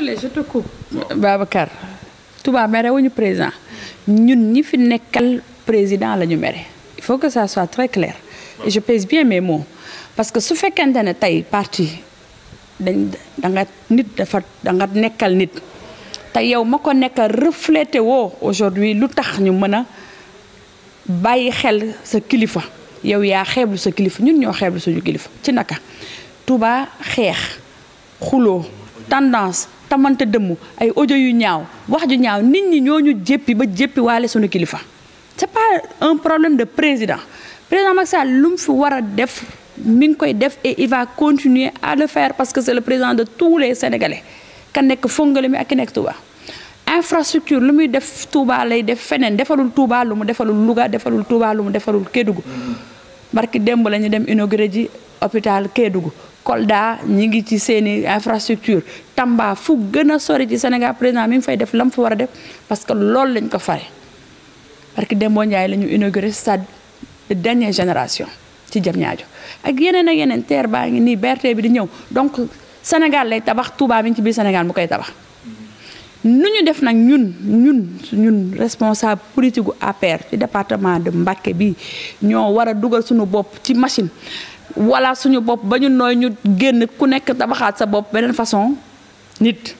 désolé je te coupe. Babacar tubaab mere président ñun ñi fi nekkal président la ñu mere il faut que ça soit très clair. et je pèse bien mes mots parce que su fekkente ne tey parti dañ nit dafa da nga nekkal nit te yow ma ko nekka reflété woo aujourd'hui lu tax ñu mën a bàyyi xel sa kilifa yow yaa xeeblu sa kilifa ñun ñoo xeeblu suñu kilifa ci naka Touba xeex xuloo tendance tamante dëmm ay audio yu ñaaw wax ju ñaaw nit ñi ñoo ñu jéppi ba jéppi waale sunu kilifa c'est pas un problème de président président Macky Sall lu mu fi war a def mi ngi koy def et il va continuer à le faire parce que c'est le président de tous les Sénégalais ka nekk mi ak ki nekk Touba infrastructure lu muy def Touba lay def feneen defalul Touba lu mu defalul Louga defalul Touba lu mu defalul Kédougou mm-hmm. barki démb la ñu dem inauguré ji hôpital Kédougou Kolda ñi ngi ci seeni infrastructure Tamba fu gën a sori ci Sénégal président mi ngi fay def lam fa war a def parce que loolu lañ ko fare parce que Demba Ndiaye la ñu inauguré sa de génération ci Diamniadio ak yeneen ak yeneen terre baa ngi nii BRT bi di ñëw donc Sénégal lay tabax Touba bi ci biir Sénégal mu koy tabax nu ñu def nag ñun ñun ñun responsable politique gu APR ci département de Mbacké bi ñoo war a dugal suñu bopp ci machine wala suñu bopp ba ñu nooy ñu génn ku nekk tabaxaat sa bopp beneen façon nit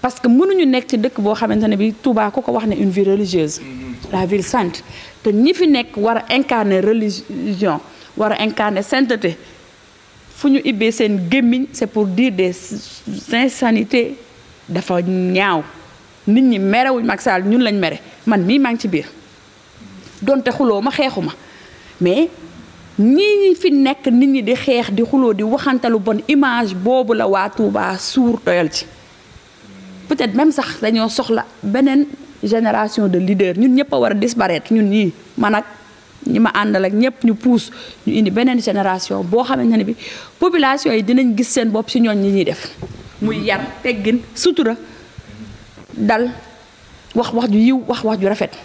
parce que mënuñu nekk ci dëkk boo xamante ne bi Touba ko wax ne une ville religieuse mm-hmm. la ville sainte te ñi fi nekk war a incarner religion war a incarner sainteté fu ñu ibbee seen gémmiñ c'est pour dire des insanités dafa ñaaw nit ñi merewuñ Macky Sall ñun lañ mere man mii maa ngi ci biir donte xuloo ma xeexu mais ñii fi nekk nit ñi di xeex di xuloo di waxantalu bon image boobu la waa Touba suur doyal ci peut-être même sax dañoo soxla beneen génération de leader ñun ñëpp a war a disparaître ñun ñii man ak ñi ma àndal ak ñëpp ñu puus ñu indi beneen génération boo xamante ne bi population yi dinañ gis seen bopp ci ñooñ ñi ñuy def muy yar teggin sutura dal wax wax ju yiw wax wax ju rafet